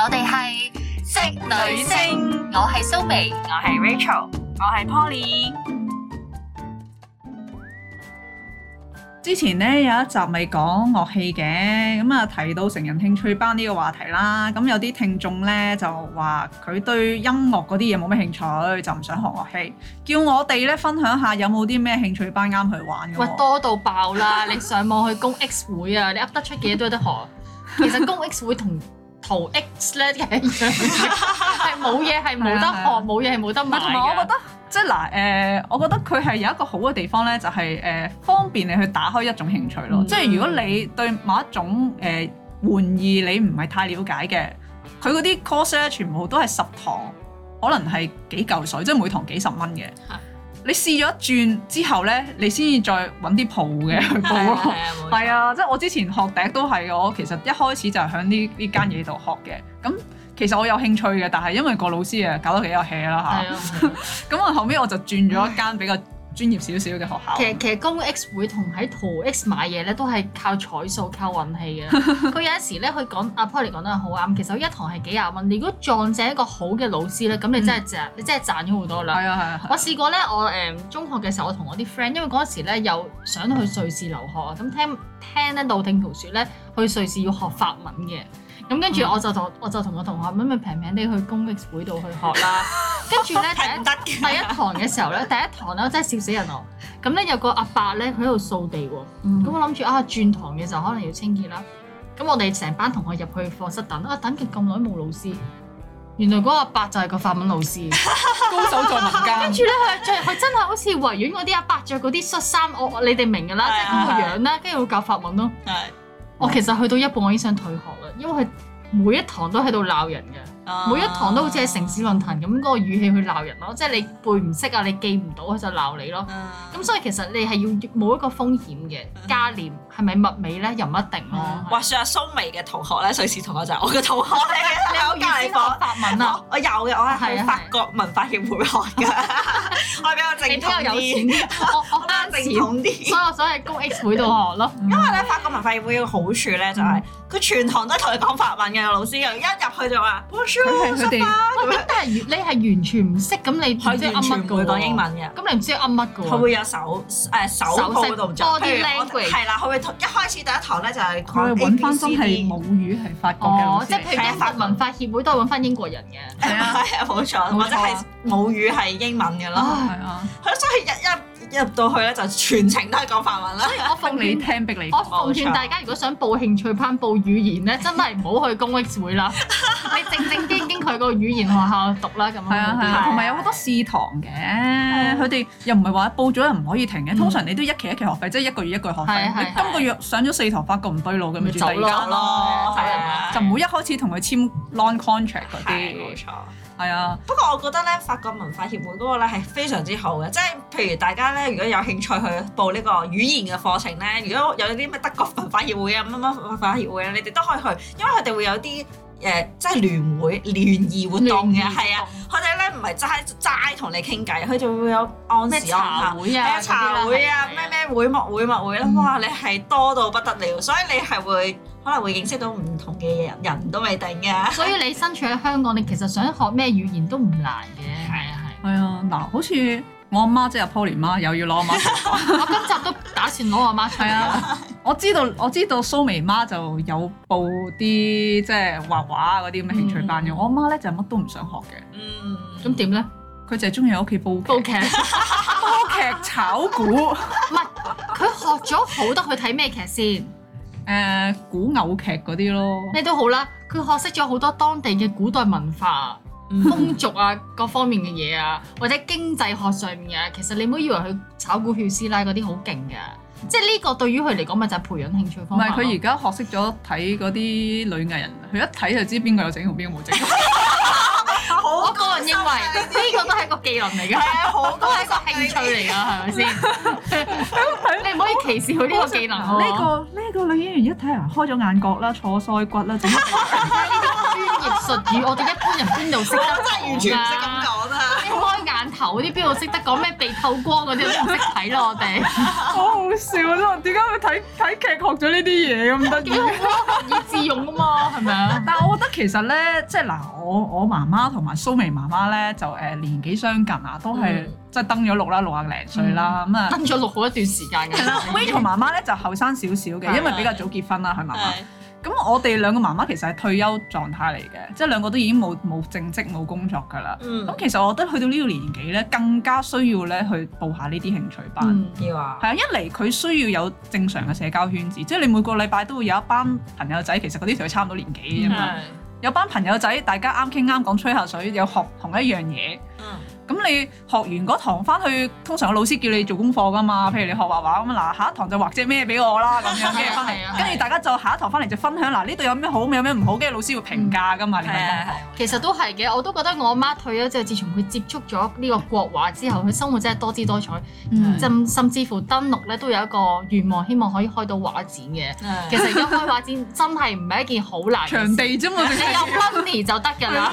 我哋係職女聲，女聲我係蘇眉，我係 Rachel，我係 Polly。之前咧有一集咪講樂器嘅，咁啊提到成人興趣班呢個話題啦，咁有啲聽眾咧就話佢對音樂嗰啲嘢冇咩興趣，就唔想學樂器，叫我哋咧分享下有冇啲咩興趣班啱佢玩嘅。喂，多到爆啦！ 你上網去攻 X 會啊，你 up 得出嘅嘢都有得學。 其實攻 X 會同。淘 X 咧嘅冇嘢係冇得學，冇嘢係冇得買。同埋我覺得即係嗱誒，我覺得佢係有一個好嘅地方咧，就係，就係誒方便你去打開一種興趣咯。即係、嗯、如果你對某一種誒、呃、玩意你唔係太了解嘅，佢嗰啲 course 咧全部都係十堂，可能係幾嚿水，即、就、係、係、每堂幾十蚊嘅。你試咗一轉之後咧，你先至再揾啲鋪嘅鋪咯，係啊，即係、啊啊、我之前學笛都係我其實一開始就喺呢呢間嘢度學嘅。咁其實我有興趣嘅，但係因為個老師個、嗯、啊，搞得幾有氣啦嚇。咁我、啊啊、後面我就轉咗一間比較 專業少少嘅學校，其實其實公 X 會同喺淘 X 買嘢咧，都係靠彩數、靠運氣嘅。佢 有陣時咧，佢講阿 Paul 講得好啱。其實一堂係幾廿蚊，你如果撞正一個好嘅老師咧，咁、嗯、你真係賺，你真係賺咗好多啦。係啊係啊，嗯、我試過咧，我誒、嗯、中學嘅時候我我，我同我啲 friend，因為嗰時咧又想去瑞士留學啊，咁聽聽咧道聽途説咧，去瑞士要學法文嘅，咁跟住我就同、嗯、我就同我就同我學咪咪平，平平地去公 X 會度去學啦。 跟住咧，第一堂嘅時候咧，第一堂咧 我真係笑死人哦！咁咧有個阿伯咧，佢喺度掃地喎。咁、嗯、我諗住啊，轉堂嘅時候可能要清潔啦。咁我哋成班同學入去課室等啊，等極咁耐冇老師。原來嗰個阿伯就係個法文老師， 高手在民間。跟住咧，佢佢真係好似維園嗰啲阿伯着嗰啲恤衫，我你哋明㗎啦，即係咁嘅樣啦，跟住會教法文咯。 我其實去到一半，我已經想退學啦，因為佢每一堂都喺度鬧人嘅。每一堂都好似喺城市論壇咁嗰個語氣去鬧人咯，即係你背唔識啊，你記唔到佢就鬧你咯。咁所以其實你係要冇一個風險嘅價廉，係咪物美咧又唔一定咯。話説阿蘇眉嘅同學咧，瑞士同學就係我嘅同學，你有教你講法文啊？我有嘅，我係法國文化協會學㗎，我比較正統啲，我我比較正統啲，所以我想喺公 A 協會度學咯。因為咧法國文化協會嘅好處咧就係佢全堂都係同你講法文嘅老師，又一入去就話。佢係咁，但係你係完全唔識，咁你完全唔會講英文嘅，咁你唔知噏乜嘅。佢會有手誒手多啲 language 係啦，佢會一開始第一堂咧就係佢揾翻啲母語係法國嘅即係老師。喺法文化協會都揾翻英國人嘅。係啊，冇錯，或者係母語係英文嘅咯。係啊，佢所以日日。一入到去咧就全程都係講法文啦，所以我奉你聽，逼你我奉勸大家，如果想報興趣班、報語言咧，真係唔好去公益會啦，你正正經經佢個語言學校讀啦咁樣。係啊係，同埋有好多試堂嘅，佢哋又唔係話報咗又唔可以停嘅，通常你都一期一期學費，即係一個月一個月學費。你今個月上咗四堂發覺唔對路咁，咪走咯，就唔好一開始同佢簽 long contract 嘅。係對啊，不過我覺得咧法國文化協會嗰個咧係非常之好嘅，即係譬如大家咧如果有興趣去報呢個語言嘅課程咧，嗯、如果有啲咩德國文化協會啊、乜乜文化協會啊，你哋都可以去，因為佢哋會有啲誒、呃、即係聯會聯誼活動嘅，係啊，佢哋咧唔係齋齋同你傾偈，佢仲會有按時安排會啊、茶會啊、咩咩、嗯、會幕、啊、會幕、啊、會啦，哇！你係多到不得了，所以你係會。嗯可能會認識到唔同嘅人，人都未定嘅。所以你身處喺香港，你其實想學咩語言都唔難嘅。係啊，係。係啊，嗱，好似我阿媽即係、就是、Poly 媽，又要攞阿媽，媽。 我今集都打算攞阿媽。係啊。我知道，我知道蘇眉媽就有報啲即係畫畫嗰啲咁嘅興趣班嘅。嗯、我阿媽咧就乜、是、都唔想學嘅。嗯。咁點咧？佢就係中意喺屋企煲劇、煲劇， 煲劇炒股。唔係 佢學咗好多，佢睇咩劇先？誒、呃、古偶劇嗰啲咯，咩都好啦，佢學識咗好多當地嘅古代文化風俗啊，各方面嘅嘢啊，或者經濟學上面嘅。其實你唔好以為佢炒股票師奶嗰啲好勁㗎，即係呢個對於佢嚟講咪就係培養興趣方法。唔係佢而家學識咗睇嗰啲女藝人，佢一睇就知邊個有整容，邊個冇整。好我個人認為呢個都係個技能嚟嘅，係啊，都係個興趣嚟㗎，係咪先？是是 你唔可以歧視佢呢個技能。呢吧、呢個呢、呢個女演員一睇人開咗眼角啦，坐腮骨啦，呢點？ 專業術語。我哋一般人邊度識得？真係完全頭啲邊度識得講咩，被透光嗰啲都唔識睇咯，我哋好好笑啊！真點解我睇睇劇學咗呢啲嘢咁得以活用啊嘛，係咪啊？但係我覺得其實咧，即係嗱，我我媽媽同埋蘇眉媽媽咧，就誒年紀相近啊，都係即係蹲咗六啦，六啊零歲啦，咁啊登咗六好一段時間嘅。係啦，Rachel 媽媽咧就後生少少嘅，因為比較早結婚啦，佢媽媽。咁我哋兩個媽媽其實係退休狀態嚟嘅，即係兩個都已經冇冇正職冇工作㗎啦。咁、嗯、其實我覺得去到呢個年紀咧，更加需要咧去報下呢啲興趣班。嗯、要啊！係啊，一嚟佢需要有正常嘅社交圈子，即係你每個禮拜都會有一班朋友仔，其實嗰啲同佢差唔多年紀嘅啫嘛，的有班朋友仔大家啱傾啱講吹下水，有學同一樣嘢。咁你學完嗰堂翻去，通常老師叫你做功課㗎嘛？譬如你學畫畫咁啊，下一堂就畫隻咩俾我啦咁樣嘅，跟住大家就下一堂翻嚟就分享。嗱、啊，呢度有咩好，有咩唔好，跟住老師會評價㗎嘛？嗯、其實都係嘅，我都覺得我媽退咗之後，自從佢接觸咗呢個國畫之後，佢生活真係多姿多彩。嗯、甚至乎登錄咧，都有一個願望，希望可以開到畫展嘅。其實一開畫展真係唔係一件好難嘅事，場地啫嘛，有 money 就得㗎啦。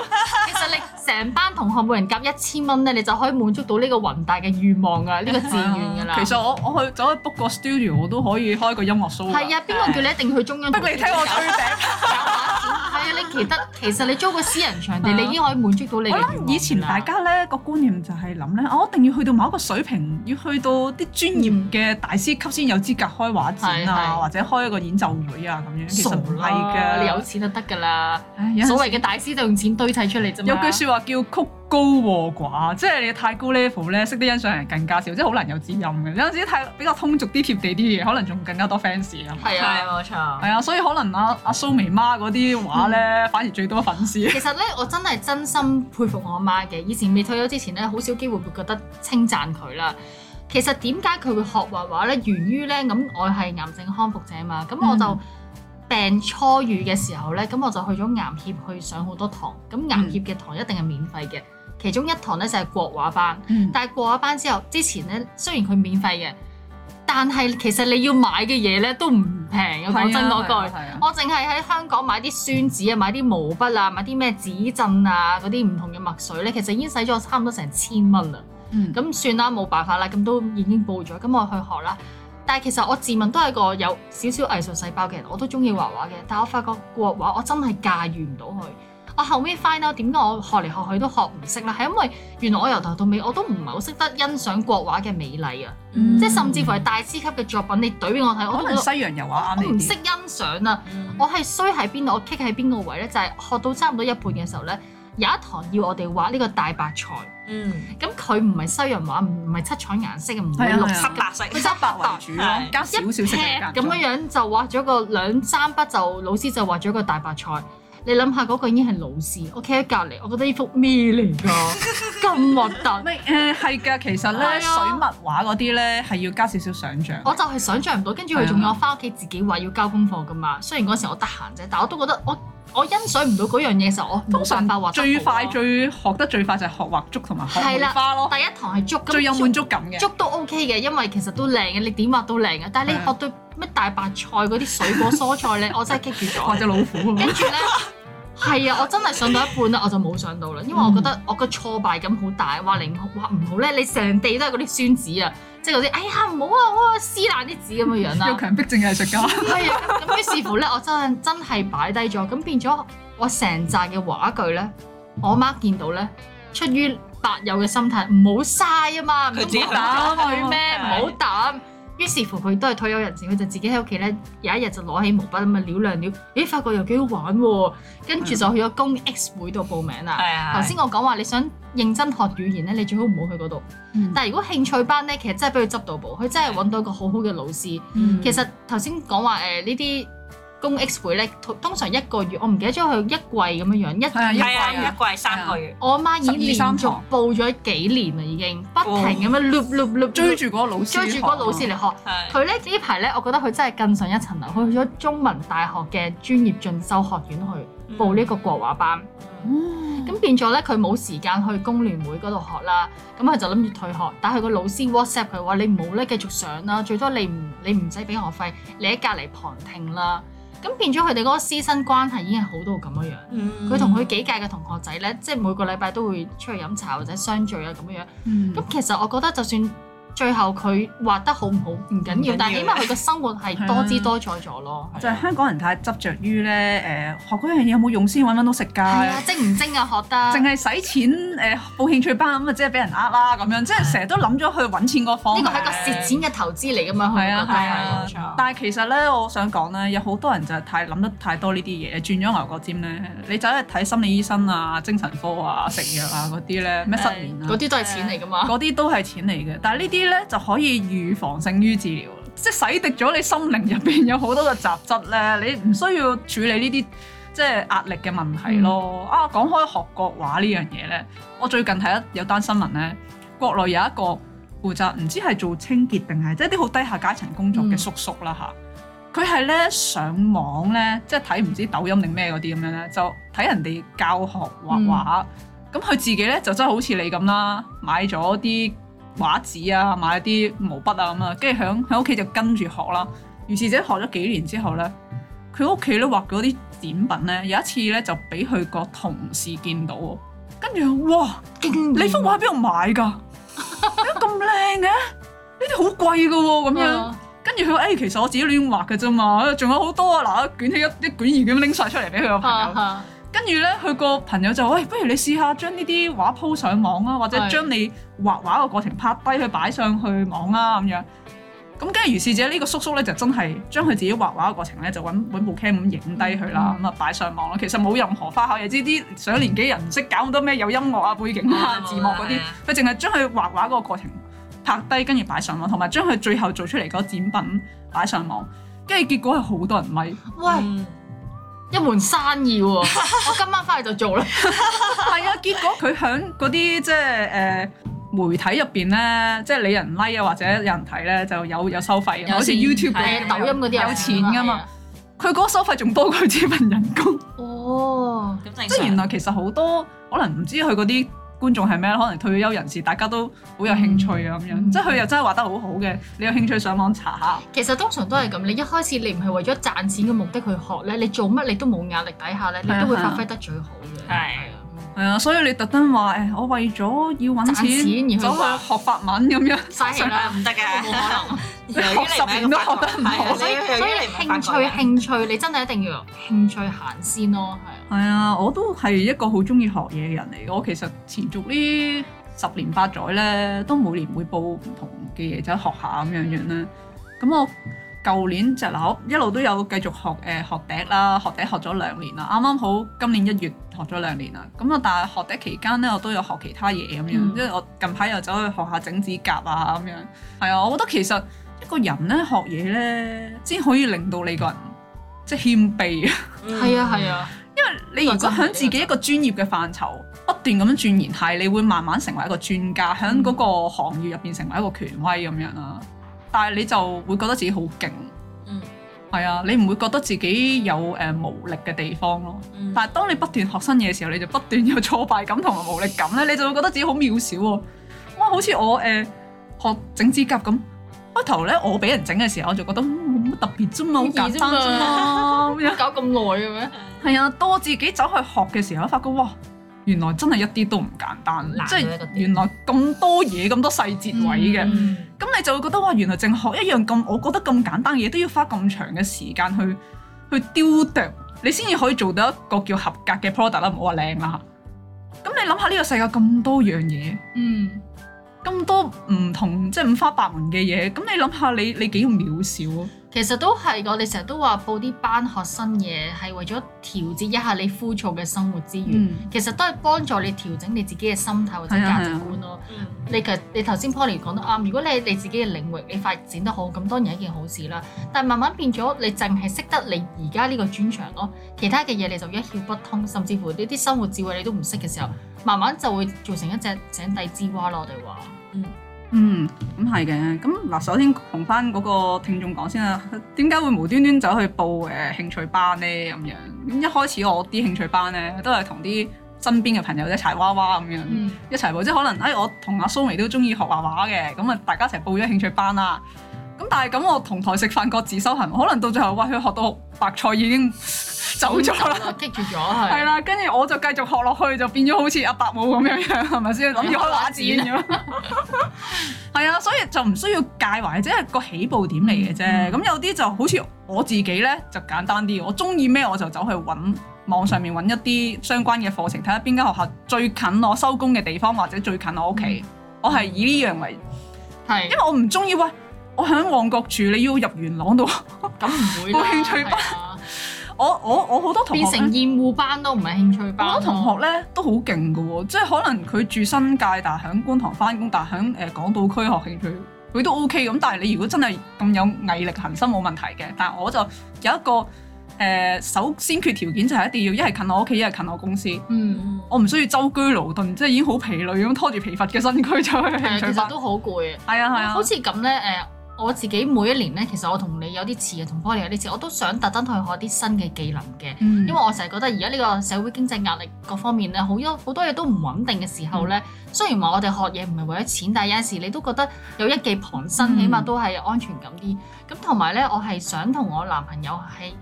成班同學每人夾一千蚊咧，你就可以滿足到呢個宏大嘅願望㗎啦，呢、呢個志願㗎啦。 其實我我去走去 book 個 studio，我都可以開個音樂 show。係啊，邊個叫你、呃、一定要去中央，中央？不如你聽我吹笛。 你其實其實你租個私人場地，啊、你已經可以滿足到你。我諗以前大家咧個觀念就係諗咧，我一定要去到某一個水平，要去到啲專業嘅大師級先有資格開畫展啊，嗯、或者開一個演奏會啊咁樣。了其實唔係㗎。你有錢就得㗎啦。所謂嘅大師就用錢堆砌出嚟啫嘛。有句説話叫曲高和寡，即係你太高 level 咧，識得欣賞人更加少，即係好難有知音嘅。有陣時太比較通俗啲貼地啲嘢，可能仲更加多 fans 啊。係啊吧，冇沒錯。係啊，所以可能阿、啊、阿、嗯啊、蘇眉媽嗰啲畫咧，嗯、反而最多粉絲。其實咧，我真係真心佩服我阿媽嘅。以前未退休之前咧，好少機會會覺得稱讚佢啦。其實點解佢會學畫畫咧？源於咧，咁我係癌症康復者啊嘛。咁我就病初愈嘅時候咧，咁我就去咗癌協去上好多堂。咁癌協嘅堂一定係免費嘅。嗯嗯其中一堂咧就係、是、國畫班，嗯、但係國畫班之後，之前咧雖然佢免費嘅，但係其實你要買嘅嘢咧都唔平的，我講真嗰句、那個，我淨係喺香港買啲宣紙啊，嗯、買啲毛筆啊，買啲咩紙鎮啊嗰啲唔同嘅墨水咧，其實已經使咗差唔多成千蚊啦。咁、嗯、算啦，冇辦法啦，咁都已經報咗，咁我去學啦。但係其實我自問都係個有少少藝術細胞嘅人，我都中意畫畫嘅。但係我發覺國畫我真係駕馭唔到佢。我後尾 find out 點解我學嚟學去都學唔識咧？係因為原來我由頭到尾我都唔係好識得欣賞國畫嘅美麗啊！嗯、即係甚至乎係大師級嘅作品，你懟俾我睇，我都唔西洋油畫，啱唔啱？唔識欣賞啊！嗯、我係衰喺邊度？我棘喺邊個位咧？就係、是、學到差唔多一半嘅時候咧，有一堂要我哋畫呢個大白菜。咁佢唔係西洋畫，唔唔係七彩顏色唔係六色嘅，佢對黑白，黑白是為主咯、啊，是加少少色。咁樣就樣就畫咗個兩三筆，就老師就畫咗個大白菜。你諗下嗰個已經係老師，我企喺隔離，我覺得呢幅咩嚟㗎？咁核突？誒係㗎，其實咧、啊、水墨畫嗰啲咧係要加少少想像。我就係想像唔到，跟住佢仲要我返屋企自己話要交功課㗎嘛。啊、雖然嗰時我得閒啫，但我都覺得我我欣賞唔到嗰樣嘢就我通常畫最快最學得最快就係學畫竹同埋學梅花咯。啊、第一堂係竹，最有滿足感嘅。竹都 OK 嘅，因為其實都靚嘅，你點畫都靚嘅。但係你學到咩大白菜嗰啲水果蔬菜咧， 我真係棘住咗。畫隻老虎、啊。跟住咧。 係啊，我真係上到一半啦，我就冇上到啦，因為我覺得我嘅挫敗感好大，話你話唔好咧，你成地都係嗰啲宣紙啊，即係嗰啲哎呀唔好啊，我撕爛啲紙咁嘅樣啊！要強迫症嘅藝術家。係 啊，咁於是乎咧，我真真係擺低咗，咁變咗我成扎嘅畫具咧，我媽見到咧，出於白幼嘅心態，唔好嘥啊嘛，唔好抌咩，唔好抌。Okay. 於是乎佢都係退休人士，佢就自己喺屋企咧，有一日就攞起毛筆咁啊撩兩撩，咦發覺又幾好玩喎，啊！跟住就去咗公 X 會度報名啦。頭先的我講話你想認真學語言咧，你最好唔好去嗰度。嗯、但係如果興趣班咧，其實真係俾佢執到寶，佢真係搵到一個好好嘅老師。的嗯、其實頭先講話誒呢啲。呃公 X 會咧，通常一個月，我唔記得咗佢一季咁樣樣，一係係啊，一季三個月。我阿媽已經報咗幾年啦，已經不停咁樣 loop loop loop 追住嗰老師，追住嗰老師嚟學。佢咧呢排咧，我覺得佢真係更上一層樓。佢去咗中文大學嘅專業進修學院去報呢個國畫班。嗯，咁變咗咧，佢冇時間去工聯會嗰度學啦。咁佢就諗住退學，但係佢個老師 WhatsApp 佢話：你唔好咧繼續上啦，最多你唔你唔使俾學費，你喺隔離旁聽啦。咁變咗佢哋嗰個師生關係已經係好到咁樣樣，佢同佢幾屆嘅同學仔咧，即係每個禮拜都會出去飲茶或者相聚啊咁樣樣。咁、嗯、其實我覺得就算。最後佢畫得好唔好唔緊要，但係起碼佢個生活係多姿多彩咗咯。就係香港人太執着於咧，誒學嗰樣嘢有冇用先揾唔到食㗎。係啊，精唔精啊學得？淨係使錢誒報興趣班咁即係俾人呃啦咁樣，即係成日都諗咗去揾錢個方法。呢個係一個蝕錢嘅投資嚟㗎嘛。係啊係啊，冇錯。但係其實咧，我想講咧，有好多人就係太諗得太多呢啲嘢，轉咗牛角尖咧，你走去睇心理醫生啊、精神科啊、食藥啊嗰啲咧，咩失眠啊？嗰啲都係錢嚟㗎嘛。嗰啲都係錢嚟嘅，但係呢啲，咧就可以預防勝於治療，即係洗滌咗你心靈入邊有好多嘅雜質咧，你唔需要處理呢啲即係壓力嘅問題咯。嗯、啊，講開學國畫呢樣嘢咧，我最近睇一有單新聞咧，國內有一個負責唔知係做清潔定係即係啲好低下階層工作嘅叔叔啦嚇，佢係咧上網咧即係睇唔知抖音定咩嗰啲咁樣咧，就睇人哋教學畫畫，咁佢、嗯、自己咧就真係好似你咁啦，買咗啲。畫紙啊，買一啲毛筆啊咁啊，跟住喺喺屋企就跟住學啦。於是者學咗幾年之後咧，佢屋企咧畫嗰啲展品咧，有一次咧就俾佢個同事見到，跟住哇！你幅畫喺邊度買㗎？ 點解啊咁靚嘅，呢啲好貴㗎喎咁樣。跟住佢話：誒、欸，其實我自己亂畫㗎啫嘛，仲有好多啊！嗱，捲起一一卷二卷，拎晒出嚟俾佢個朋友。啊啊跟住咧，佢個朋友就喂、哎，不如你試下將呢啲畫鋪上網啊，或者將你畫畫嘅過程拍低佢擺上去網啊咁樣。咁跟住，如是者呢、呢個叔叔咧就真係將佢自己畫畫嘅過程咧，就揾揾部 cam 咁影低佢啦，咁啊擺上網咯。嗯、其實冇任何花巧嘢，即係啲上年紀人唔識搞好多咩有音樂啊背景啊字幕嗰啲，佢淨係將佢畫畫嗰個過程拍低，跟住擺上網，同埋將佢最後做出嚟個展品擺上網。跟住結果係好多人咪，喂、嗯。嗯一門生意喎，哦，我今晚翻嚟就做啦。係啊，結果佢響嗰啲即係誒媒體入邊咧，即係你人拉 i 啊或者有人睇咧，就有有收費，好似 YouTube、抖音嗰啲有錢噶嘛。佢嗰，啊啊、個收費仲多過佢呢份人工。哦，即係、 哦嗯、原來其實好多可能唔知佢嗰啲。觀眾係咩？可能退休人士，大家都好有興趣啊！咁樣、嗯，即係佢又真係畫得好好嘅，嗯、你有興趣上網查下。其實通常都係咁，你一開始你唔係為咗賺錢嘅目的去學呢，你做乜你都冇壓力底下呢，你都會發揮得最好嘅。係。係啊，所以你特登話誒，我為咗要揾錢而走去學法文咁樣，嘥錢啦，唔得嘅，冇可能。十年都學得唔好啦，所以你興趣興趣，你真係一定要興趣行先咯，係。係啊，我都係一個好中意學嘢嘅人嚟，我其實持續呢十年八載咧，都每年會報唔同嘅嘢就學下咁樣樣啦。咁我舊年就喇，一路都有繼續學誒學笛啦，學笛學咗兩年啦，啱啱好今年一月。學咗兩年啦，咁啊，但係學的期間咧，我都有學其他嘢咁樣，嗯、因為我近排又走去學下整指甲啊咁樣，係啊，我覺得其實一個人咧學嘢咧，先可以令到你個人即係謙卑啊，係啊係啊，嗯、因為你如果響自己一個專業嘅範疇不斷咁鑽研，係你會慢慢成為一個專家，響嗰個行業入邊成為一個權威咁樣啦，嗯、但係你就會覺得自己好勁。係啊，你唔會覺得自己有誒無力嘅地方咯。嗯、但係當你不斷學新嘢嘅時候，你就不斷有挫敗感同埋無力感咧，你就會覺得自己好渺小。哇，好似我誒、呃、學整指甲咁，開頭咧我俾人整嘅時候，我就覺得冇乜特別啫嘛，好簡單啫嘛。要搞咁耐嘅咩？係啊，到 我自己走去學嘅時候，我發覺哇，原來真係一啲都唔簡單，即係道原來咁多嘢，咁、嗯、多細節位嘅。嗯咁你就會覺得話原來淨學一樣咁，我覺得咁簡單嘢都要花咁長嘅時間去去雕琢，你先至可以做到一個叫合格嘅 product 啦，唔好話靚啦。咁你諗下呢個世界咁多樣嘢，嗯，咁多唔同即係、就是、五花八門嘅嘢，咁你諗下你你幾渺小啊？其實都係，我哋成日都話報啲班學生嘢，係為咗調節一下你枯燥嘅生活之餘，嗯、其實都係幫助你調整你自己嘅心態或者價值觀咯。嗯、你其實你頭先 Polly 講得啱，如果你你自己嘅領域你發展得好，咁當然係一件好事啦。但係慢慢變咗，你淨係識得你而家呢個專長咯，其他嘅嘢你就一竅不通，甚至乎呢啲生活智慧你都唔識嘅時候，慢慢就會造成一隻井底之蛙咯。我哋話，嗯。嗯，咁係嘅。咁嗱，首先同翻嗰個聽眾講先啦，點解會無端端走去報誒興趣班咧？咁樣，咁一開始我啲興趣班咧，都係同啲身邊嘅朋友一齊畫畫咁樣，嗯、一齊報，即係可能，哎，我同阿蘇眉都中意學畫畫嘅，咁啊，大家一齊報咗興趣班啦。咁但係咁，我同台食飯各自修行，可能到最後喂佢學到白菜已經走咗啦，激住咗係，啦， 跟住我就繼續學落去，就變咗好似阿伯母咁樣樣，係咪先諗住開畫展咁？係啊、嗯嗯， 所以就唔需要介懷，即係個起步點嚟嘅啫。咁、嗯、有啲就好似我自己咧，就簡單啲。我中意咩我就走去搵網上面搵一啲相關嘅課程，睇下邊間學校最近我收工嘅地方或者最近我屋企，嗯、我係以呢樣為係，的因為我唔中意喂。我喺旺角住，你要入元朗度？咁唔會個興趣班。 我的我我好多同學變成厭惡班都唔係興趣班。好多、嗯、同學咧都好勁嘅喎，即係可能佢住新界，但係喺觀塘返工，但係喺誒港島區學興趣，佢都 O、OK、K。咁但係你如果真係咁有毅力、恒心，冇問題嘅。但係我就有一個誒、呃，首先決條件就係一定要一係近我屋企，一係近我公司。嗯，我唔需要舟車勞頓，即係已經好疲累咁拖住疲乏嘅身軀走去興趣班，嗯、其實都好攰。係啊係啊。好似咁咧誒。我自己每一年咧，其實我同你有啲似嘅，同科 o 有啲似，我都想特登去學啲新嘅技能嘅，嗯、因為我成日覺得而家呢個社會經濟壓力各方面咧，好多好多嘢都唔穩定嘅時候咧，嗯、雖然話我哋學嘢唔係為咗錢，但係有陣時你都覺得有一技傍身，起碼都係安全感啲。咁同埋咧，我係想同我男朋友係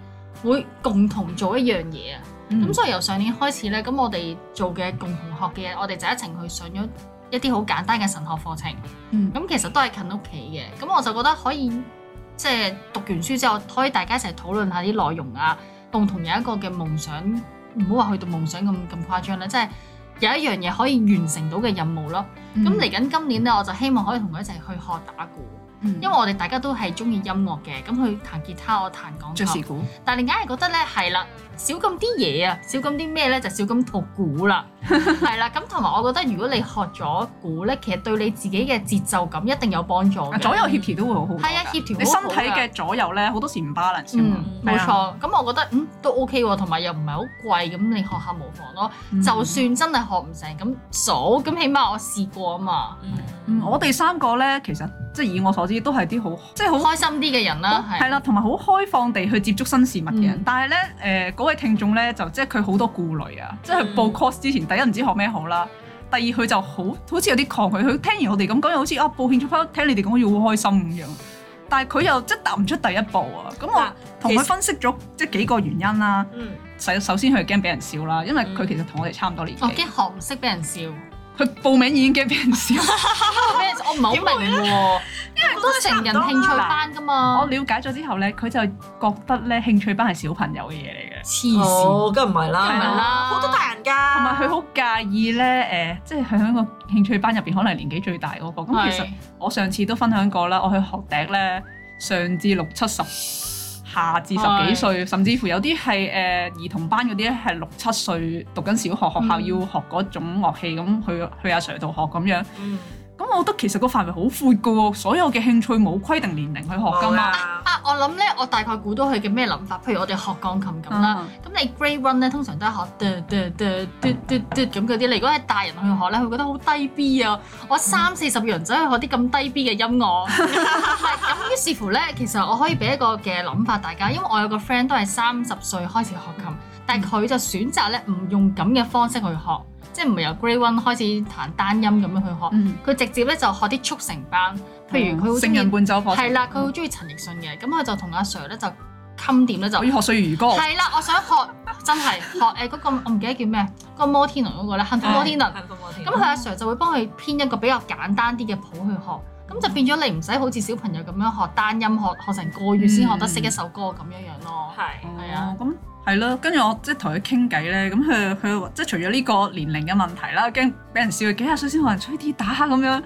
會共同做一樣嘢啊，咁、嗯、所以由上年開始咧，咁我哋做嘅共同學嘅嘢，我哋就一齊去上咗。一啲好簡單嘅神學課程，咁，嗯，其實都係近屋企嘅。咁我就覺得可以，即係讀完書之後，可以大家一齊討論下啲內容啊，共同有一個嘅夢想。唔好話去到夢想咁咁誇張啦，即係有一樣嘢可以完成到嘅任務咯。咁嚟緊今年咧，我就希望可以同佢一齊去學打鼓。嗯、因為我哋大家都係中意音樂嘅，咁佢彈吉他，我彈鋼琴，但係你硬係覺得咧係啦，少咁啲嘢啊，少咁啲咩咧，就少咁套鼓啦，係啦。 咁同埋我覺得，如果你學咗鼓咧，其實對你自己嘅節奏感一定有幫助。左右協調都會好好，係啊，協調好，你身體嘅左右咧好多時唔 balance 冇錯。咁、啊、我覺得嗯都 OK 喎、啊，同埋又唔係好貴，咁你學下無妨咯。嗯、就算真係學唔成咁數，咁起碼我試過啊嘛。嗯、我哋三個咧其實。即係以我所知都係啲好即係好開心啲嘅人啦，係啦了，同埋好開放地去接觸新事物嘅人。嗯、但係咧，誒、呃、嗰位聽眾咧就即係佢好多顧慮啊，嗯、即係報 course 之前，第一唔知學咩好啦，第二佢就好好似有啲抗拒，佢聽完我哋咁講，又好似啊報興趣班，聽你哋講好好開心咁樣。但係佢又即係踏唔出第一步啊。咁我同佢分析咗即係幾個原因啦。嗯、首先佢驚俾人笑啦，因為佢其實同我哋差唔多年紀。嗯、我驚學唔識俾人笑。佢報名已經驚俾人笑，， 咩？我唔係好明喎，因為都成人興趣班㗎嘛。 我了解咗之後咧，佢就覺得咧興趣班係小朋友嘅嘢嚟嘅，黐線，梗唔係啦，好、啊、多大人㗎。同埋佢好介意咧，誒、呃，即係喺個興趣班入邊可能年紀最大嗰個。咁是其實我上次都分享過啦，我去學笛咧，上至六七十。下至十幾歲，是甚至乎有啲係誒兒童班嗰啲咧，係六七歲讀緊小學，學校要學嗰種樂器，咁、嗯、去去阿 sir 度學咁樣。嗯咁我覺得其實個範圍好闊噶喎，所有嘅興趣冇規定年齡去學噶嘛。啊，我諗咧，我大概估到佢嘅咩諗法，譬如我哋學鋼琴咁啦。咁你 Grade One 咧，通常都係學嘟嘟嘟嘟嘟嘟咁嗰啲。你如果係大人去學咧，佢覺得好低 B 啊！我三四十人走去學啲咁低 B 嘅音樂，咁於是乎咧，其實我可以俾一個嘅諗法大家，因為我有個 friend 都係三十歲開始學琴，但係佢就選擇咧唔用咁嘅方式去學。即係唔係由 grade one 開始彈單音咁樣去學，佢直接咧就學啲速成班，譬如佢好中意係啦，佢好中意陳奕迅嘅，咁佢就同阿 sir 咧就襟點咧就，我要學《歲如歌》。係啦，我想學真係學誒嗰個我唔記得叫咩，嗰個摩天輪嗰個咧，摩天輪。咁佢阿 sir 就會幫佢編一個比較簡單啲嘅譜去學，咁就變咗你唔使好似小朋友咁樣學單音，學學成個月先學得識一首歌咁樣樣咯。係，係啊，咁。係咯，跟住我即係同佢傾偈咧，咁佢佢即係除咗呢個年齡嘅問題啦，驚俾人笑佢幾廿歲先可能吹啲打下咁樣。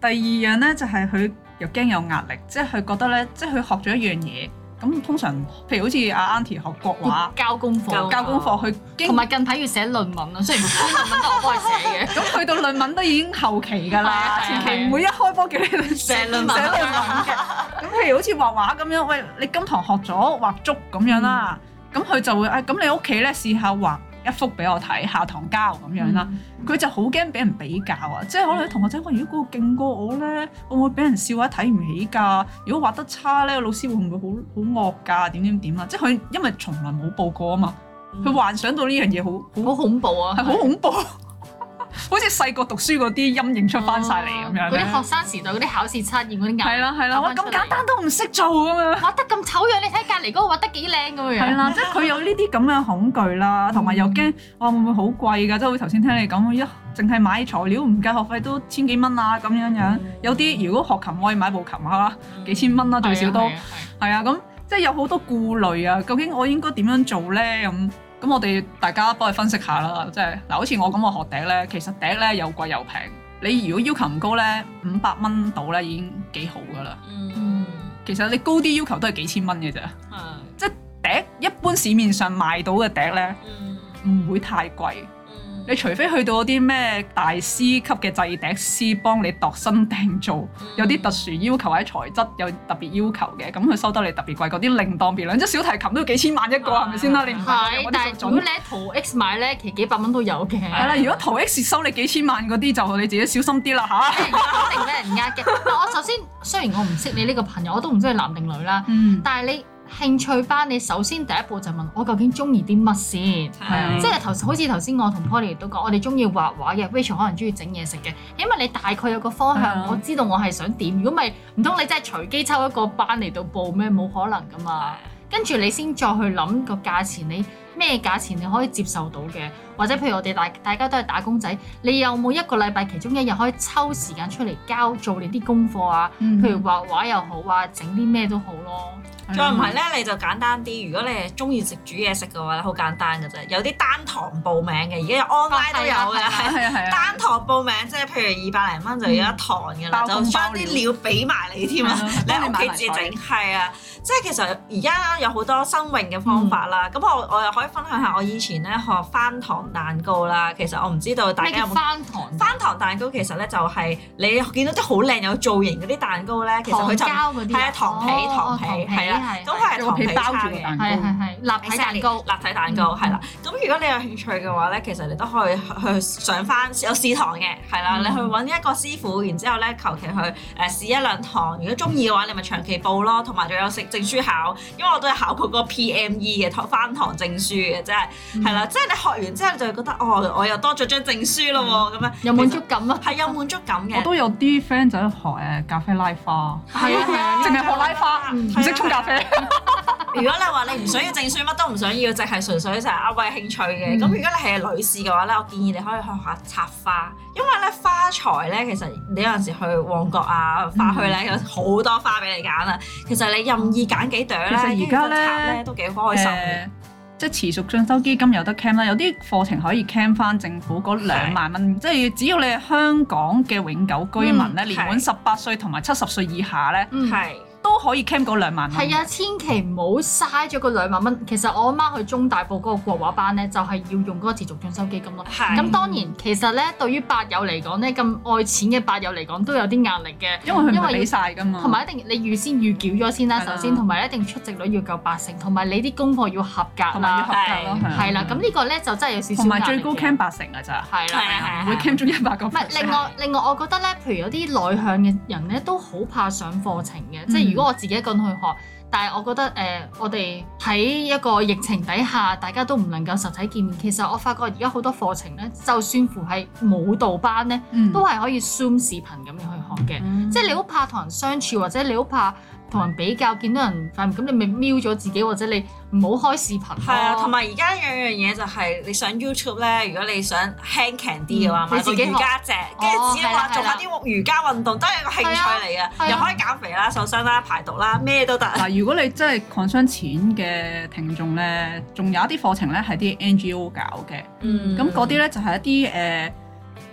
第二樣咧就係，佢又驚有壓力，即係佢覺得咧，即係佢學咗一樣嘢，咁通常譬如好似阿 Auntie 學國畫，交功課，交功課去，同埋近排要寫論文啊，雖然唔知論文係開寫嘅，咁 去到論文都已經後期㗎啦， 前期唔會一開波叫你寫，寫論文嘅。咁譬如好似畫畫咁樣，喂，你今堂學咗畫竹咁樣啦。嗯。咁佢、嗯嗯、就會誒，咁你屋企咧試下畫一幅俾我睇，下堂交咁樣啦。佢就好驚俾人比較啊，即係可能啲同學仔話：如果嗰個勁過我咧，會唔會俾人笑啊？睇唔起㗎？如果畫得差咧，老師會唔會好好惡㗎？點點點啦。即係佢因為從來冇報過啊嘛，佢幻想到呢樣嘢好好恐怖啊，係好是恐怖。好似細個讀書嗰啲陰影出翻晒嚟咁樣，嗰啲、哦、學生時代嗰啲考試測驗嗰啲壓力，係啦係啦，我咁、啊、簡單都唔識做咁樣，畫得咁醜樣，你睇隔離嗰個畫得幾靚咁樣。係、哎、啦，即係佢有呢啲咁嘅恐懼啦，同埋又驚哇會唔會好貴㗎？即係頭先聽你講，一淨係買材料唔計學費都千幾蚊啦咁樣樣。啊啊、有啲如果學琴可以買部琴嚇，幾千蚊啦、啊、最少都係啊。咁、啊啊啊嗯、即係有好多顧慮啊！究竟我應該點樣做咧咁？嗯咁我哋大家幫佢分析下啦，即係嗱，好似我咁我學笛咧，其實笛咧又貴又平。你如果要求唔高咧，五百蚊到咧已經幾好噶啦。嗯，其實你高啲要求都係幾千蚊嘅啫。嗯，即係笛一般市面上賣到嘅笛咧，嗯、唔會太貴。你除非去到啲咩大師級嘅製笛師幫你度身訂造，有啲特殊要求或者材質有特別要求嘅，咁佢收得你特別貴。嗰啲另當別論，兩隻小提琴都要幾千萬一個，係咪先啦？是是對你係，對但係如果你喺淘 X 買咧，其實幾百蚊都有嘅。係啦，如果淘 X 收你幾千萬嗰啲，就你自己小心啲啦嚇。嗯、 定俾人呃嘅。 我首先雖然我唔識你呢個朋友，我都唔知係男定女啦。嗯、但係你。興趣班，你首先第一步就問我究竟中意啲乜先，的即係頭好似頭先我同 Polly 都講，我哋中意畫畫嘅，Rachel 可能中意整嘢食嘅，起碼你大概有個方向，的我知道我係想點。如果唔係唔通你真係隨機抽一個班嚟到報咩？冇可能噶嘛。跟住你先再去諗個價錢，你咩價錢你可以接受到嘅？或者譬如我哋大大家都係打工仔，你有冇一個禮拜其中一日可以抽時間出嚟交做你啲功課啊？譬如畫畫又好啊，整啲咩都好咯。再唔係咧，你就簡單啲。如果你係中意食煮嘢食嘅話咧，好簡單嘅啫。有啲單堂報名嘅，而家有 online 都有嘅。單堂報名即係譬如二百零蚊就有一堂嘅啦，就將啲料俾埋你添啊，你屋企自己整。係啊，即係其實而家有好多新穎嘅方法啦。咁我我又可以分享下我以前咧學翻糖蛋糕啦。其實我唔知道大家有冇翻糖，翻糖蛋糕其實咧就係你見到啲好靚有造型嗰啲蛋糕咧，其實佢就係啊，糖皮，糖皮係啦。咁佢係糖皮包住嘅，係係係，立體蛋糕，立體蛋糕係啦。咁如果你有興趣嘅話咧，其實你都可以去上翻有試堂嘅，係啦。你去揾一個師傅，然之後咧求其去誒試一兩堂。如果中意嘅話，你咪長期報咯。同埋仲有食證書考，因為我都係考過嗰個 PME 嘅糖翻糖證書嘅，即係係啦。即係你學完之後就覺得哦，我又多咗張證書咯咁樣，有滿足感咯，係有滿足感嘅。我都有啲 friend 就喺學咖啡拉花，係啊，淨係學拉花，唔識沖咖 如果你話你唔想要證書，乜都唔想要，淨係純粹就係阿喂興趣嘅，咁、嗯、如果你係女士嘅話咧，我建議你可以學下插花，因為咧花材咧，其實你有陣時去旺角啊，花墟咧，有好多花俾你揀啊。其實你任意揀幾朵咧，其實而家咧都幾開心嘅，呃。即係持續進修基金有得 can 啦，有啲課程可以 can 翻政府嗰兩萬蚊，即係是只要你係香港嘅永久居民咧，嗯、年滿十八歲同埋七十歲以下咧，係、嗯。是嗯都可以 cam 嗰兩萬蚊。係啊，千祈唔好嘥咗個兩萬蚊。其實我阿媽去中大報嗰個國畫班咧，就係要用嗰個持續進修基金咯。咁當然，其實咧對於八友嚟講咧，咁愛錢嘅八友嚟講都有啲壓力嘅。因為佢唔俾曬㗎嘛。同埋一定你預先預繳咗先啦，首先，同埋一定出席率要夠八成，同埋你啲功課要合格同埋要合格係。係啦，咁呢個咧就真係有少少同埋最高 cam 八成㗎咋。係啦，係係係。會 cam 最多一百個。另外另外，我覺得咧，譬如有啲內向嘅人咧，都好怕上課程嘅，即係。如果我自己一個人去學，但係我覺得誒、呃，我哋喺一個疫情底下，大家都唔能夠實體見面。其實我發覺而家好多課程咧，就算乎係舞蹈班咧，都係可以 Zoom 視頻咁樣去學嘅。嗯、即係你好怕同人相處，或者你好怕。同人比較，見到人發，咁你咪瞄咗自己，或者你唔好開視頻咯。係啊，同埋而家有，有一樣嘢就係、是、你上 YouTube 咧，如果你想輕強啲嘅話，咪自己、嗯、瑜伽隻，跟住自己話做下啲瑜伽運動了都係一個興趣嚟嘅，了又可以減肥啦、了瘦身啦、排毒啦，咩都得。嗱，如果你真係 concern 錢嘅聽眾咧，仲有一啲課程咧係啲 NGO 搞嘅，咁嗰啲咧就係一啲誒。呃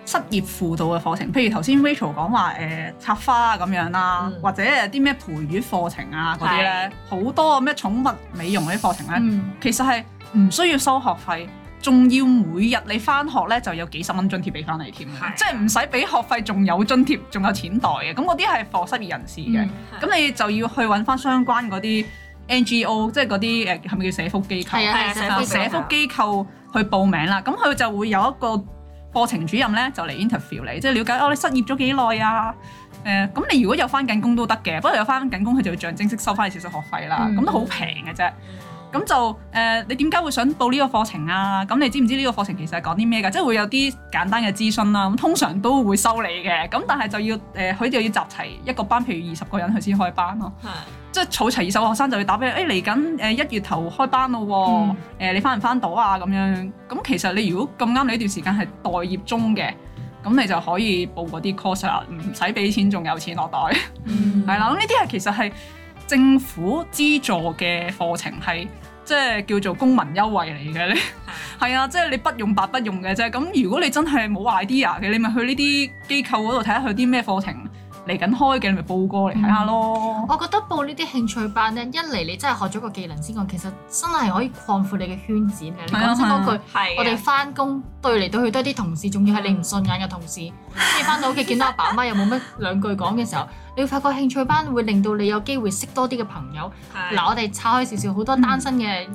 失業輔導嘅課程，譬如頭先 Rachel 講話誒、呃、插花啊咁樣啦，嗯、或者啲咩培養課程啊嗰啲咧，好的多咩寵物美容啲課程咧，嗯、其實係唔需要收學費，仲要每日你翻學咧就有幾十蚊津貼俾翻嚟添，即係唔使俾學費，仲有津貼，仲有錢袋嘅。咁嗰啲係 for 失業人士嘅，咁的你就要去揾翻相關嗰啲 NGO，即係嗰啲誒係咪叫社福機構？係啊，社福機構去報名啦。咁佢就會有一個。課程主任咧就嚟 interview 你，即係了解哦，你失業咗幾耐啊？誒、呃，咁你如果有翻緊工都得嘅，不過有翻緊工佢就會象徵式收翻你少少學費啦，咁、嗯、都好平嘅啫。咁、嗯、就誒、呃，你點解會想報呢個課程啊？咁你知唔知呢個課程其實係講啲咩㗎？即係會有啲簡單嘅諮詢啦、啊。咁通常都會收你嘅，咁但係就要誒，佢、呃、就要集齊一個班，譬如二十個人佢先開班咯、啊。係。嗯即係儲齊二手學生就會打俾你，誒嚟緊誒一月頭開班咯，誒、嗯欸、你翻唔翻到啊？咁樣咁其實你如果咁啱你呢段時間係待業中嘅，咁你就可以報嗰啲 course 啦，唔使俾錢仲有錢落袋，係啦、嗯。咁呢啲係其實係政府資助嘅課程，係即係叫做公民優惠嚟嘅咧，係 啊，即、就、係、是、你不用白不用嘅啫。咁如果你真係冇 idea 嘅，你咪去呢啲機構嗰度睇下佢啲咩課程。嚟緊開嘅，咪報個嚟睇下咯、嗯。我覺得報呢啲興趣班咧，一嚟你真係學咗個技能之外，其實真係可以擴闊你嘅圈子嘅。 你講真嗰句， 的我哋翻工對嚟對去都係啲同事，仲要係你唔順眼嘅同事，跟住翻到屋企見到阿爸阿媽又冇乜兩句講嘅時候。你發覺興趣班會令到你有機會識多啲嘅朋友。嗱，我哋拆開少少，好多單身嘅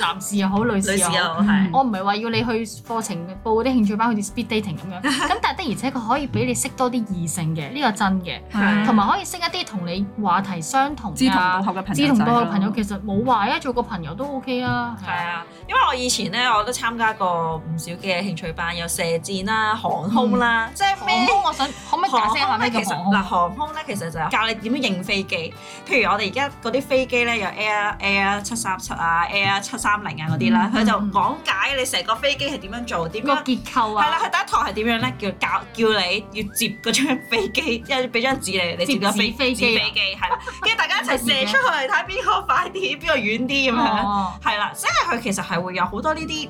男士又好，女士又好。我唔係話要你去課程報啲興趣班，好似 speed dating 咁樣。咁但的而且確可以俾你識多啲異性嘅，呢個真嘅。同埋可以識一啲同你話題相同、志同道合嘅朋友。志同道合嘅朋友其實冇話啊，做個朋友都 OK 啊。係啊，因為我以前咧我都參加過唔少嘅興趣班，有射箭啦、航空啦。即係航空，我想可唔可以解釋下咧？其實嗱，航空咧其實。教你點樣認飛機，譬如我哋而家嗰啲飛機咧，有 Air Air 七三七啊，Air 七三零啊嗰啲啦，佢、嗯、就講解你成個飛機係點樣做，點個結構啊。係啦，佢第一堂係點樣咧？叫教叫，叫，叫你要折嗰張飛機，即係俾張紙你，你折個飛機，折飛機跟住大家一齊射出去睇邊、啊、個快啲，邊個遠啲咁樣。係啦、哦，即係佢其實係會有好多呢啲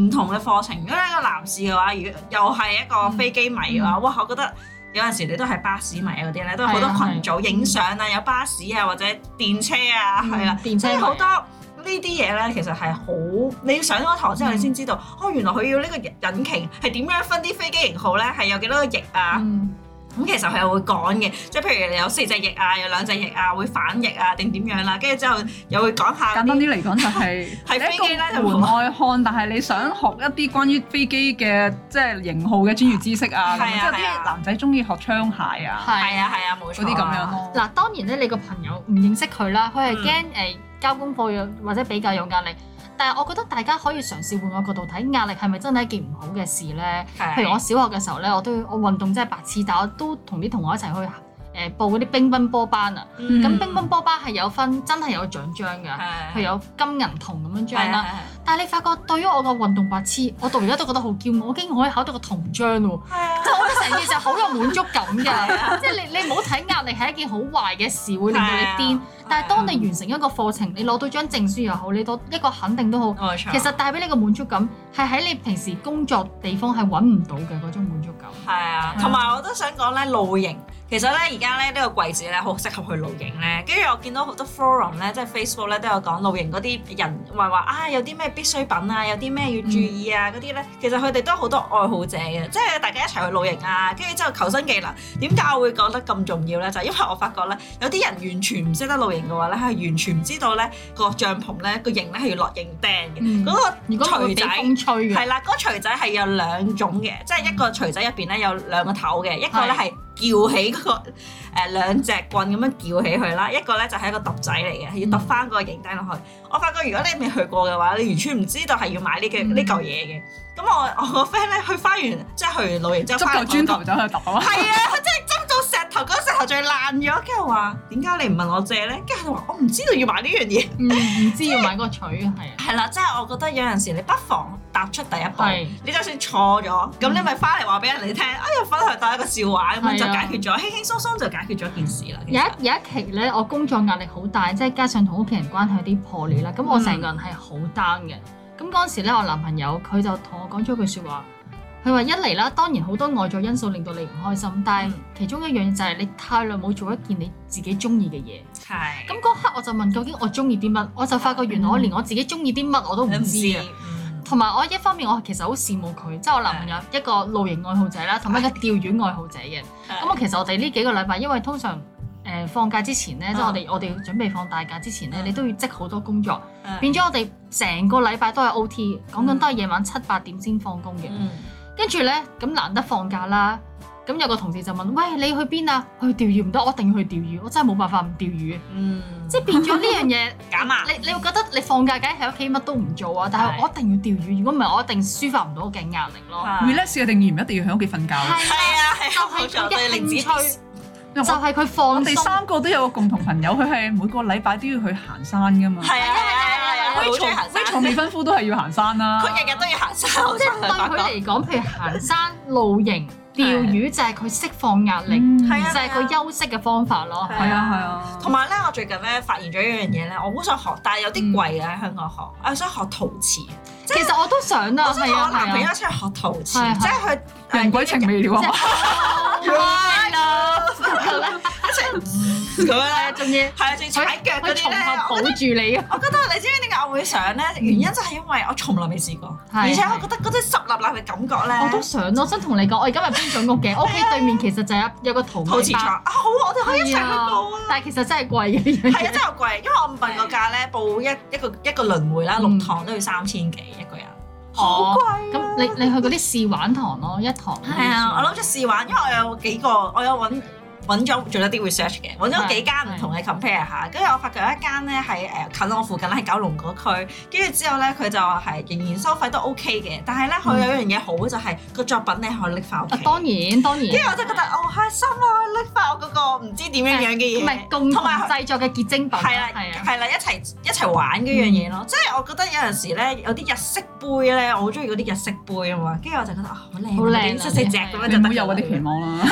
唔同嘅課程。如果呢個男士嘅話，如果又係一個飛機迷嘅話，嗯嗯、哇，我覺得。有陣時你都係巴士迷嗰啲咧，都好多群組影相啊，有巴士啊或者電車啊係啦，電車，所以好多呢啲嘢咧，其實係好你要上咗堂之後你先知道，嗯、哦原來佢要呢個引擎係點樣分啲飛機型號咧，係有幾多個翼啊。嗯咁其實係會講嘅，即係譬如你有四隻翼啊，有兩隻翼啊，會反翼啊，定點樣啦、啊？跟住之後又會講下一簡單啲嚟講就係、是、喺 飛機咧就門外漢，但係你想學一啲關於飛機嘅即係型號嘅專業知識啊，即係啲男仔中意學槍械啊，係 啊係啊冇、啊、錯啲咁樣嗱，當然咧，你個朋友唔認識佢啦，佢係驚誒交功課有或者比較有壓力。但係，我覺得大家可以嘗試換個角度睇壓力係咪真係一件唔好嘅事咧？是的 譬如我小學嘅時候咧，我都我運動真係白痴，但我都同啲同學一齊去誒、呃、報嗰啲乒乓波班啊。咁、嗯、乒乓波班係有分真係有獎章㗎，佢是的 有金銀銅咁樣章啦是的。但係你發覺對於我個運動白痴，我到而家都覺得好驕傲，我竟然可以考到個銅章喎！係啊，就我都成件事好有滿足感㗎，啊、即係你你唔好睇壓力係一件好壞嘅事，會令到你癲。啊啊、但係當你完成一個課程，你攞到張證書又好，你攞一個肯定都好。冇錯。其實帶俾你個滿足感係喺你平時工作地方係揾唔到嘅嗰種滿足感。係啊，同埋、啊、我都想講咧露營，其實咧而家咧呢個季節咧好適合去露營咧。跟住我見到好多 forum 咧，即係 Facebook 咧都有講露營嗰啲人唔係話啊有啲咩。必需品啊，有啲咩要注意啊嗰啲咧，其實佢哋都好多愛好者嘅，即係大家一齊去露營啊，跟住之後求生技能點解我會覺得咁重要咧？就係、因為我發覺咧，有啲人完全唔識得露營嘅話咧，係完全唔知道咧、個帳篷咧、個營咧係要落營釘嘅，嗰、個錘仔係啦，嗰、個錘仔係有兩種嘅，即係一個錘仔入邊咧有兩個頭嘅，嗯、一個咧係。攣起嗰、那個誒、呃、兩隻棍咁樣攣起佢啦，一個咧就係、是、一個揼仔嚟嘅，要揼翻個營釘落去。我發覺如果你未去過嘅話，你完全唔知道係要買、這個嗯、呢嘅呢舊嘢嘅。咁我我個 friend 咧去返完即係去完露營之後執嚿磚頭走去揼啊！係啊， 佢真係。個石頭嗰個石頭最爛咗，跟住話點解你唔問我借咧？跟住話我唔知道要買呢樣嘢，唔、嗯、知要買個錘，係係啦，即係我覺得有陣時你不妨踏出第一步，的你就算錯咗，咁、嗯、你咪翻嚟話俾人哋聽，哎呀，翻去當一個笑話咁的就解決咗，輕輕鬆鬆就解決咗件事啦。有一有一期咧，我工作壓力好大，即係加上同屋企人關係有啲破裂啦，咁、嗯、我成個人係好 down 嘅。咁嗰陣時咧，我男朋友佢就同我講咗一句説話。佢話一嚟啦，當然好多外在因素令到你唔開心，但係其中一樣嘢就係你太耐冇做一件你自己中意嘅嘢。係，咁嗰刻我就問究竟我中意啲乜？我就發覺原來我連我自己中意啲乜我都唔知嘅。同埋、嗯、我一方面我其實好羨慕佢，嗯、即係我男朋友一個露營愛好者啦，同埋一個釣魚愛好者嘅。咁我、哎、其實我哋呢幾個禮拜，因為通常誒、呃、放假之前咧，即係、嗯、我哋我哋準備放大假之前咧，嗯、你都要積好多工作，嗯、變咗我哋成個禮拜都係 O T，講緊都係夜晚七八點先放工嘅。嗯嗯跟住咧，咁難得放假啦，咁有個同事就問：喂，你去邊啊？去釣魚唔得，我一定要去釣魚，我真係冇辦法唔釣魚。嗯，即係變咗呢樣嘢減壓。你你會覺得你放假梗係喺屋企乜都唔做啊，但係我一定要釣魚，如果唔係我一定抒發唔到我嘅壓力咯。relax 嘅定義唔一定要喺屋企瞓覺。係啊，係啊，就係咁嘅定義。就係佢放，我哋三個都有個共同朋友，佢係 每個禮拜都要去行山噶嘛。係啊係啊係啊，Rachel Rachel 未婚夫都係要行山啦，啊。佢日日都要行山，即係 對佢嚟講，譬如行山露 營。釣魚就係佢釋放壓力，就係佢休息嘅方法咯。係啊，係啊。同埋咧，我最近咧發現咗一樣嘢咧，我好想學，但係有啲貴啊，喺香港學。我想學陶瓷，其實我都想啊，我男朋友一出去學陶瓷，即係佢人鬼情未了。係啊，仲要係啊，仲要踩腳嗰啲咧，從頭抱住你。我覺得你知唔知點解我會想咧？原因就係因為我從來未試過，而且我覺得嗰啲濕立立嘅感覺咧，我都想。我想同你講，我而家咪。屋嘅？屋企對面其實就有一有個陶瓷廠。啊好啊，我哋可以一齊去報啊，啊！但係其實真係貴嘅。係 啊，真係貴，因為我唔瞓個價咧，報一一個一個輪迴啦，六堂都要三千幾一個人。嗯哦、好貴、啊。咁、啊、你你去嗰啲試玩堂咯，一堂、就係。係啊，我諗住試玩，因為我有幾個，我有揾。揾咗做咗啲 research 嘅，揾咗幾間唔同嘅 compare 下，跟住我發覺有一間咧喺誒近我附近喺九龍嗰區。跟住之後咧，佢就係仍然收費都 OK 嘅，但係咧佢有樣嘢好就係個作品咧可以拎翻屋企。當然當然。跟住我真係覺得哦，開心啊！拎翻我嗰個唔知點樣樣嘅嘢，共同製作嘅結晶品。係啦係啦，一齊一齊玩嗰樣嘢咯，即係我覺得有陣時咧有啲日式杯咧，我好中意嗰啲日式杯啊嘛。跟住我就覺得好啊好靚，細細隻咁樣就。會有嗰啲期望啦。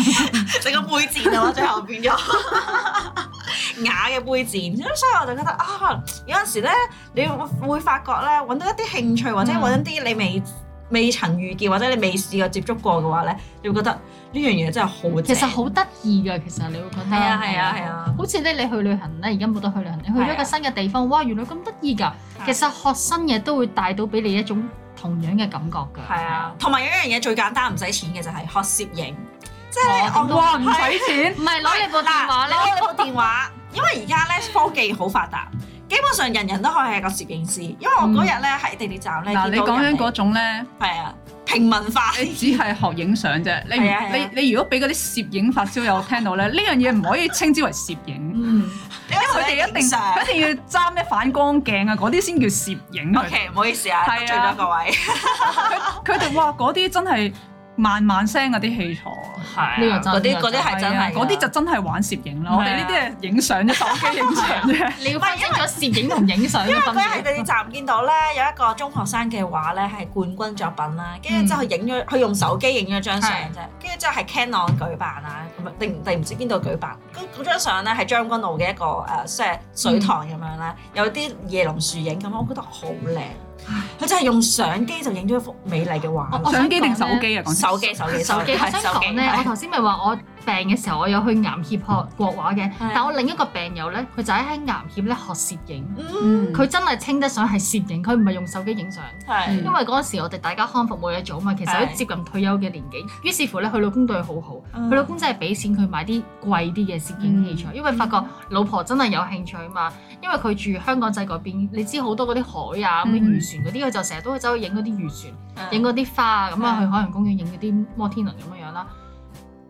你 個杯墊啊，最後變咗瓦嘅杯墊，所以我就覺得啊，有陣時咧，你會會發覺咧，搵到一啲興趣或者搵一啲你未未曾遇見或者你未試過接觸過嘅話咧，你會覺得呢樣嘢真係好其實好得意噶，其實你會覺得係啊係啊係啊，啊啊啊好似咧你去旅行咧，而家冇得去旅行，你去咗個新嘅地方，啊、哇，原來咁得意噶，啊、其實學新嘢都會帶到俾你一種同樣嘅感覺噶，係啊，同埋有一樣嘢最簡單唔使錢嘅就係、是、學攝影。即係我開唔使錢，唔係攞你部電話咧，部電話。因為而家咧科技好發達，基本上人人都可以係個攝影師。因為我嗰日咧喺地鐵站咧。你講緊嗰種咧，係啊，平民化。你只係學影相啫，你你你如果俾嗰啲攝影發燒友聽到咧，呢樣嘢唔可以稱之為攝影。嗯，因為佢哋一定一定要揸咩反光鏡啊，嗰啲先叫攝影。O K，唔好意思啊，得罪咗各位。佢哋哇，嗰啲真係～萬萬聲嗰啲器材，嗰啲嗰啲係真係，嗰啲就真係玩攝影咯。我哋呢啲係影相啫，手機影相啫。你咪因影咗攝影同影相，因為佢喺地鐵站見到咧有一個中學生嘅畫咧係冠軍作品啦，跟住之後影咗佢用手機影咗張相啫，跟住之後係 Canon 舉辦啊，唔係定定唔知邊度舉辦。嗰張相咧係將軍澳嘅一個誒，即係水塘咁樣啦，有啲椰林樹影咁，我覺得好靚。佢唉真係用相機就影咗一幅美麗嘅畫。我我想相機定手機啊呢？手機，手機，手機。我想講咧，機我頭先咪話我。 病嘅時候，我有去癌協學國畫嘅，但我另一個病友咧，佢就喺喺癌協咧學攝影，佢真係稱得上係攝影，佢唔係用手機影相，因為嗰陣時我哋大家康復冇嘢做啊嘛，其實佢接近退休嘅年紀，於是乎咧，佢老公對佢好好，佢老公真係俾錢佢買啲貴啲嘅攝影器材，因為發覺老婆真係有興趣啊嘛，因為佢住香港仔嗰邊，你知好多嗰啲海啊、咩漁船嗰啲，佢就成日都走去影嗰啲漁船，影嗰啲花啊咁啊，去海洋公園影嗰啲摩天輪咁樣樣啦。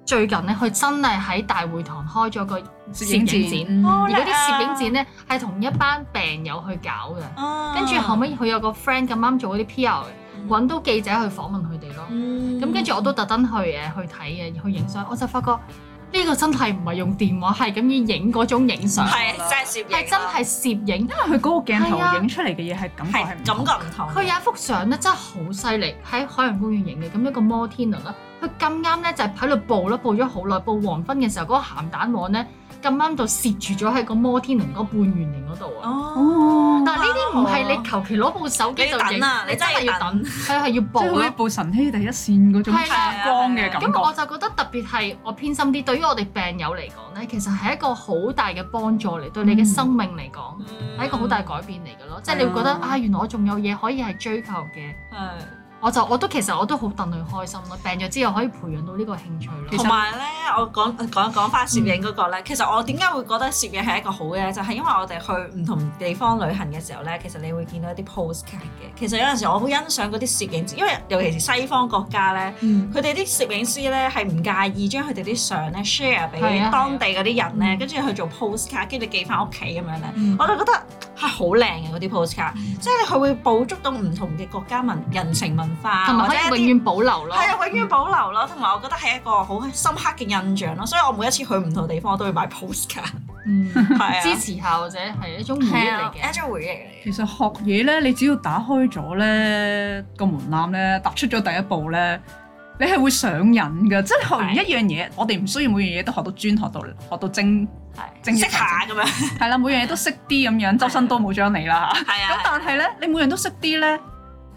最近咧，佢真係喺大會堂開咗個攝影展，而嗰啲攝影展咧係同一班病友去搞嘅。跟住、啊、後尾、嗯，佢有個 friend 咁啱做嗰啲 PR 嘅，揾到記者去訪問佢哋咯。咁跟住我都特登去誒去睇嘅，去影相。嗯、我就發覺呢個真係唔係用電話，係咁樣影嗰種影相啦，真係攝，攝影，真係攝影，因為佢嗰個鏡頭影出嚟嘅嘢係感覺係感覺唔同。佢有一幅相咧真係好犀利，喺海洋公園影嘅，咁一個摩天輪啦。佢咁啱咧就係喺度捕咯，捕咗好耐，捕黃昏嘅時候嗰、嗰個鹹蛋黃咧，咁啱就攝住咗喺個摩天輪嗰半圓形嗰度啊！哦，但係呢啲唔係你求其攞部手機就影啊，你真係要等。係係要捕啦，係 好似一部神希第一線嗰種眼光嘅感覺。咁、啊啊啊、我就覺得特別係我偏心啲，對於我哋病友嚟講咧，其實係一個好大嘅幫助嚟，對你嘅生命嚟講係、嗯啊、一個好大改變嚟㗎咯。啊、即係你會覺得啊，原來我仲有嘢可以係追求嘅。係、啊。我就我都其實我都好戥佢開心咯，病咗之後可以培養到呢個興趣咯。同埋咧，我講講講翻攝影嗰個咧，嗯、其實我點解會覺得攝影係一個好嘅咧，就係、是、因為我哋去唔同地方旅行嘅時候咧，其實你會見到一啲 postcard 嘅。其實有陣時我好欣賞嗰啲攝影，因為尤其是西方國家咧，佢哋啲攝影師咧係唔介意將佢哋啲相咧 share 俾當地嗰啲人咧，跟住、嗯、去做 postcard，跟住寄翻屋企咁樣咧，嗯、我就覺得。係好靚嘅嗰啲 postcard，即係佢會捕捉到唔同嘅國家文人情文化，同埋可以永遠保留咯。係啊，永遠保留咯，同埋、嗯、我覺得係一個好深刻嘅印象咯。嗯、所以我每一次去唔同地方，我都會買 postcard，支持下或者係一種回憶嚟嘅。一種回憶嚟嘅。其實學嘢咧，你只要打開咗咧個門檻咧，踏出咗第一步咧。你係會上癮㗎，的即係學完一樣嘢，的我哋唔需要每樣嘢都學到專，學到學到精，識下咁樣，係啦， 每樣嘢都識啲咁樣，周身的刀冇張利啦嚇。咁的 但係咧，你每樣都識啲咧，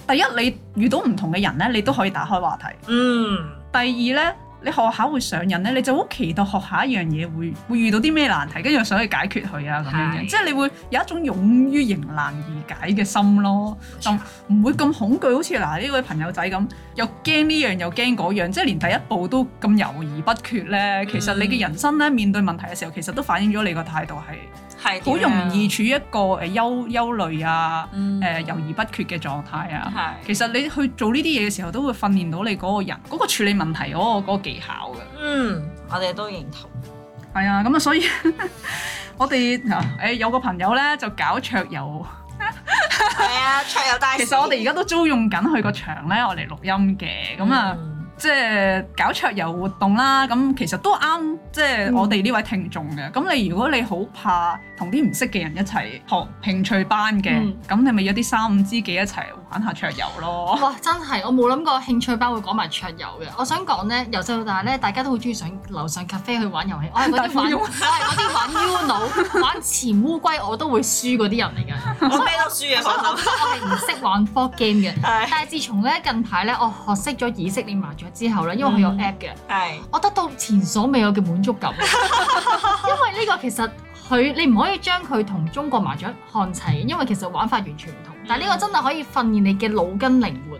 第一你遇到唔同嘅人咧，你都可以打開話題。嗯，第二咧。你學校會上癮咧，你就好期待學下一樣嘢，會會遇到啲咩難題？跟住又想去解決佢啊咁樣嘅，即係你會有一種勇於迎難而解嘅心咯，的就唔會咁恐懼，好似嗱呢位朋友仔咁，又驚呢樣又驚嗰樣，即係連第一步都咁猶豫不決咧。嗯、其實你嘅人生咧，面對問題嘅時候，其實都反映咗你個態度係。好容易處於一個誒憂憂慮啊，誒、嗯呃、猶疑不決嘅狀態啊。的其實你去做呢啲嘢嘅時候，都會訓練到你嗰個人嗰、那個處理問題嗰、那個那個技巧嘅。嗯，我哋都認同。係啊，咁啊，所以 我哋誒、呃、有個朋友咧就搞桌遊，係 啊，桌遊。但大。其實我哋而家都租用緊佢個場咧，我嚟錄音嘅。咁啊、嗯。嗯即係搞桌遊活動啦，咁其實都啱即係、嗯、我哋呢位聽眾嘅。咁你如果你好怕同啲唔識嘅人一齊學興趣班嘅，咁、嗯、你咪有啲三五知己一齊玩一下桌遊咯。哇！真係我冇諗過興趣班會講埋桌遊嘅。我想講咧，由細到大咧，大家都好中意上樓上咖啡去玩遊戲。我係啲玩，表我係嗰啲玩 uno、 玩潛烏龜我都會輸嗰啲人嚟㗎。 我都輸嘅，我係唔識玩 four game 嘅。 但係自從咧近排咧，我學識咗以色列麻雀。之後咧，因為佢有 app 嘅，係、嗯，我得到前所未有嘅滿足感， 因為呢個其實佢你唔可以將佢同中國麻雀看齊，因為其實玩法完全唔同，但係呢個真係可以訓練你嘅腦筋靈活。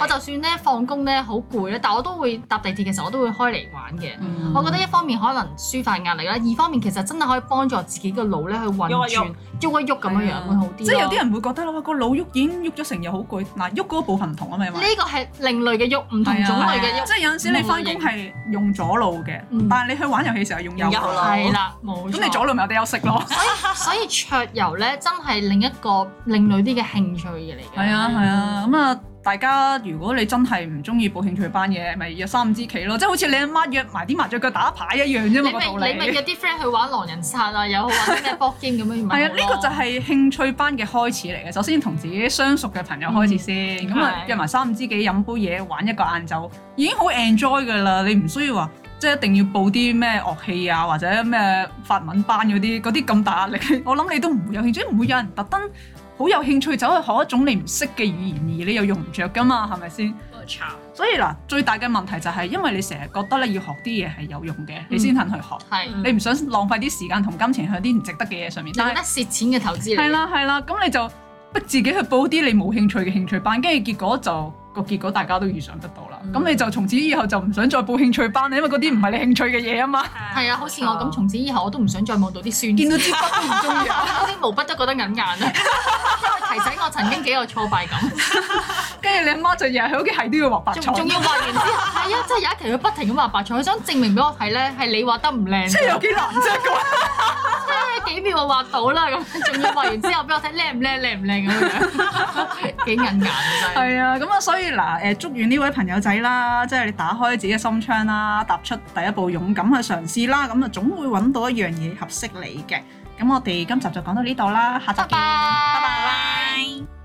我就算咧放工咧好攰咧，但我都會搭地鐵嘅時候，我都會開嚟玩嘅。我覺得一方面可能抒發壓力啦，二方面其實真係可以幫助自己個腦咧去運轉，喐一喐咁樣樣會好啲。即係有啲人會覺得咧，個腦喐已經喐咗成日好攰，嗱喐嗰部分唔同啊嘛。呢個係另類嘅喐，唔同種類嘅喐。即係有陣時你翻工係用左腦嘅，但係你去玩遊戲時候用右腦。係啦，冇，咁你左腦咪有啲休息咯。所以所以桌遊咧真係另一個另類啲嘅興趣嚟嘅。係啊係啊，咁啊～大家如果你真係唔中意報興趣班嘢，咪約三五知己咯，即係好似你阿媽，媽約埋啲麻雀腳打牌一樣啫嘛，你咪你咪約啲 friend 去玩狼人殺啊，有玩咩 board game 咁樣。係啊，呢、呢個就係興趣班嘅開始嚟嘅，首先同自己相熟嘅朋友開始、嗯、先，咁啊的約埋三五知己飲杯嘢，玩一個晏晝，已經好 enjoy 嘅啦。你唔需要話即係一定要報啲咩樂器啊，或者咩法文班嗰啲，嗰啲咁大壓力，我諗你都唔會有興趣，唔會有人特登。好有興趣走去學一種你唔識嘅語言，而你又用唔着㗎嘛，係咪先？吵所以嗱，最大嘅問題就係因為你成日覺得咧要學啲嘢係有用嘅，嗯、你先肯去學。係、嗯。你唔想浪費啲時間同金錢喺啲唔值得嘅嘢上面。但係得蝕錢嘅投資。係啦係啦，咁你就逼自己去報啲你冇興趣嘅興趣班，跟住結果就。個結果大家都預想得到啦，咁、嗯、你就從此以後就唔想再報興趣班啦，因為嗰啲唔係你興趣嘅嘢啊嘛。係啊，好似我咁，從此以後我都唔想再望到啲宣，見到支筆都唔中意，嗰啲 毛筆都覺得揞眼啊。 因為提醒我曾經幾有挫敗感，跟住 你阿媽，媽就日喺屋企係都要畫白菜，仲要畫完之後，係 啊，即係有一期佢不停咁畫白菜，佢想證明俾我睇咧係你畫得唔靚。即係有幾難啫，咁即係幾秒就畫到啦，咁仲要畫完之後俾我睇靚唔靚，靚唔靚咁樣，幾揞眼啊！係啊，咁啊，所以。嗱，誒，祝願呢位朋友仔啦，即係你打開自己嘅心窗啦，踏出第一步，勇敢去嘗試啦，咁啊，總會揾到一樣嘢合適你嘅。咁我哋今集就講到呢度啦，下集見，拜拜，拜拜。Bye bye, bye bye